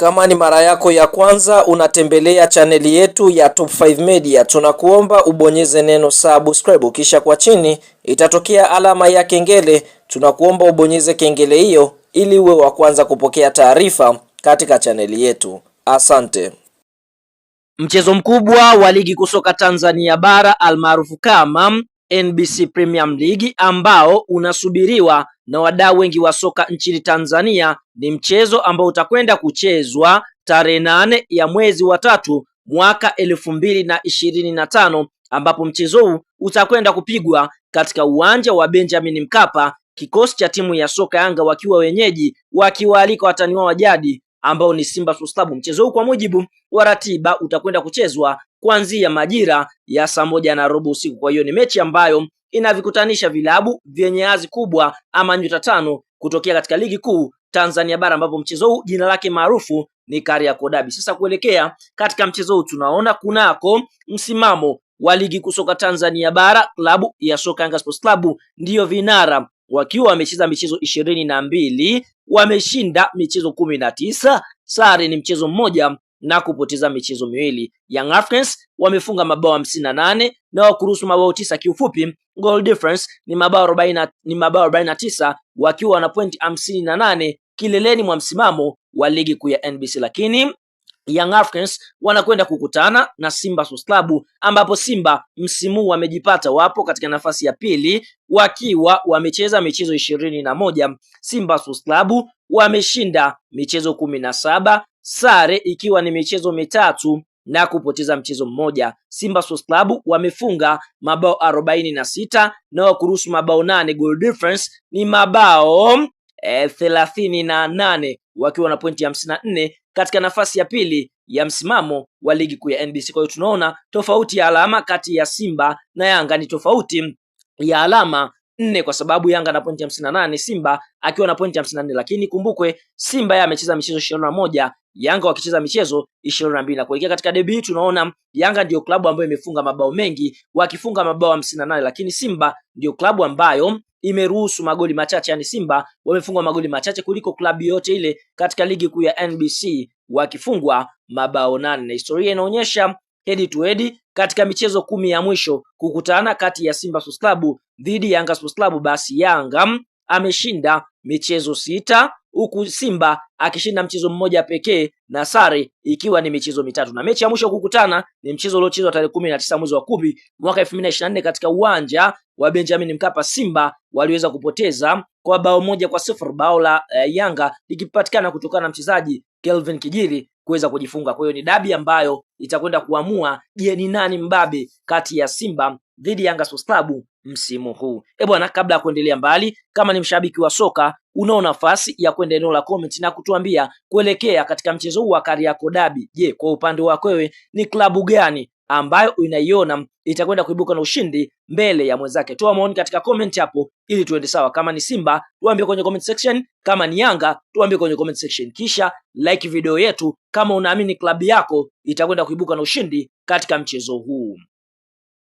Kama ni mara yako ya kwanza unatembelea chaneli yetu ya Top 5 Media, tunakuomba ubonyeze neno subscribe, kisha kwa chini itatokea alama ya kengele. Tunakuomba ubonyeze kengele hiyo ili uwe wa kwanza kupokea taarifa katika chaneli yetu. Asante. Mchezo mkubwa wa ligi kusoka Tanzania bara almaarufu kama NBC Premium League ambao unasubiriwa na wadau wengi wa soka nchini Tanzania ni mchezo ambao utakwenda kuchezwa tarehe nane ya mwezi wa tatu mwaka elfu mbili na ishirini na tano ambapo mchezo huu utakwenda kupigwa katika uwanja wa Benjamin Mkapa, kikosi cha timu ya soka Yanga wakiwa wenyeji, wakiwaalika watani wao wa jadi ambao ni Simba Sports Club. Mchezo huu kwa mujibu wa ratiba utakwenda kuchezwa kuanzia majira ya saa moja na robo usiku. Kwa hiyo ni mechi ambayo inavikutanisha vilabu vyenye azi kubwa ama nyota tano kutokea katika ligi kuu Tanzania bara ambapo mchezo huu jina lake maarufu ni Kariakoo Derby. Sasa kuelekea katika mchezo huu tunaona kunako msimamo wa ligi kuu soka Tanzania bara, klabu ya soka Yanga Sports Club ndiyo vinara wakiwa wamecheza michezo ishirini na mbili wameshinda michezo kumi na tisa sare ni mchezo mmoja na kupoteza michezo miwili. Young Africans wamefunga mabao hamsini na nane na wakuruhusu mabao tisa. Kiufupi goal difference ni mabao 40 ni mabao 49 wakiwa na point 58 kileleni mwa msimamo wa ligi kuu ya NBC, lakini Young Africans wanakwenda kukutana na Simba Sports Club ambapo Simba msimu wamejipata wapo katika nafasi ya pili wakiwa wamecheza michezo ishirini na moja. Simba Sports Club wameshinda michezo kumi na saba, sare ikiwa ni michezo mitatu na kupoteza mchezo mmoja. Simba Sports Club wamefunga mabao arobaini na sita na wakuruhusu mabao nane, goal difference ni mabao eh, thelathini na nane wakiwa na pointi hamsini na nne katika nafasi ya pili ya msimamo wa ligi kuu ya NBC. Kwa hiyo tunaona tofauti ya alama kati ya Simba na Yanga ni tofauti ya alama nne kwa sababu Yanga na pointi hamsini na nane Simba akiwa na pointi hamsini na nne lakini kumbukwe Simba yeye amecheza michezo ishirini na moja Yanga wakicheza michezo 22 na mbili na kuelekea katika debi hii, tunaona Yanga ndiyo klabu ambayo imefunga mabao mengi wakifunga mabao hamsini na nane lakini Simba ndiyo klabu ambayo imeruhusu magoli machache, yani Simba wamefungwa magoli machache kuliko klabu yote ile katika ligi kuu ya NBC wakifungwa mabao nane, na historia inaonyesha head to head katika michezo kumi ya mwisho kukutana kati ya Simba Sports Club dhidi ya Yanga Sports Club, basi Yanga ameshinda michezo sita huku Simba akishinda mchezo mmoja pekee na sare ikiwa ni michezo mitatu, na mechi ya mwisho kukutana ni mchezo uliochezwa tarehe kumi na tisa mwezi wa kumi mwaka 2024 katika uwanja wa Benjamin Mkapa. Simba waliweza kupoteza kwa bao moja kwa sifuri, bao la uh, Yanga likipatikana kutokana na mchezaji Kelvin Kijiri kuweza kujifunga. Kwa hiyo ni dabi ambayo itakwenda kuamua je, ni nani mbabe kati ya Simba dhidi ya Yanga Sports Club msimu huu. Eh bwana, kabla ya kuendelea mbali, kama ni mshabiki wa soka, unao nafasi ya kwenda eneo la comment na kutuambia kuelekea katika mchezo huu wa Kariakoo Derby. Je, kwa upande wako wewe ni klabu gani ambayo unaiona itakwenda kuibuka na ushindi mbele ya mwenzake. Toa maoni katika comment hapo ili tuende sawa. Kama ni Simba tuambie kwenye comment section, kama ni Yanga tuambie kwenye comment section, kisha like video yetu kama unaamini klabu yako itakwenda kuibuka na ushindi katika mchezo huu.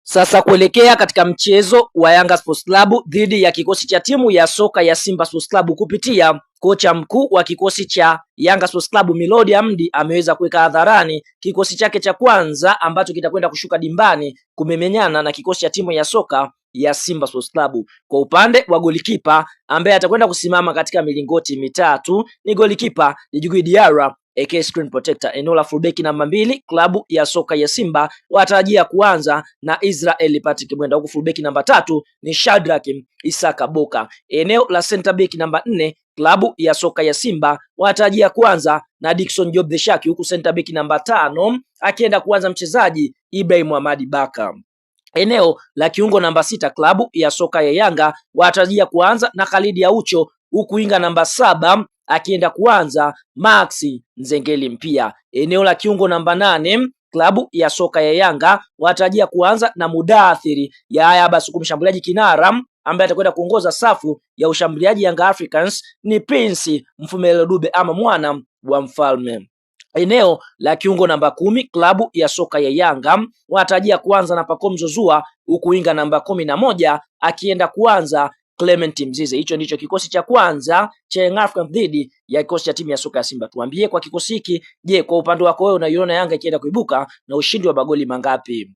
Sasa kuelekea katika mchezo wa Yanga Sports Club dhidi ya kikosi cha timu ya soka ya Simba Sports Club kupitia kocha mkuu wa kikosi cha Yanga Sports Club Milodi Amdi ameweza kuweka hadharani kikosi chake cha kwanza ambacho kitakwenda kushuka dimbani kumemenyana na kikosi cha timu ya soka ya Simba Sports Club. Kwa upande wa golikipa ambaye atakwenda kusimama katika milingoti mitatu ni golikipa Djigui Diarra AK Screen Protector eneo la fulbeki namba mbili, klabu ya soka ya Simba watarajia kuanza na Israel Patrick Mwenda, huku fulbeki namba tatu ni Shadrack Isaka Boka. Eneo la center back namba nne, klabu ya soka ya Simba watarajia kuanza na Dickson Job the Shark, huku center back namba tano akienda kuanza mchezaji Ibrahim Muhamadi Baka. Eneo la kiungo namba sita, klabu ya soka ya Yanga watarajia kuanza na Khalid Aucho, huku winga namba saba akienda kuanza Max Nzengeli Mpia. Eneo la kiungo namba nane klabu ya soka ya Yanga wanatarajia kuanza na Mudathiri Yahya Basuku. Mshambuliaji kinara ambaye atakwenda kuongoza safu ya ushambuliaji Yanga Africans ni Prince Mfumelo Dube ama mwana wa mfalme. Eneo la kiungo namba kumi klabu ya soka ya Yanga wanatarajia kuanza na Pacome Zouzoua, huku winga namba kumi na moja akienda kuanza Clement Mzize. Hicho ndicho kikosi cha kwanza cha Young Africans dhidi ya kikosi cha timu ya soka ya Simba. Tuambie kwa kikosi hiki, je, kwa upande wako wewe unaiona Yanga ikienda kuibuka na ushindi wa magoli mangapi?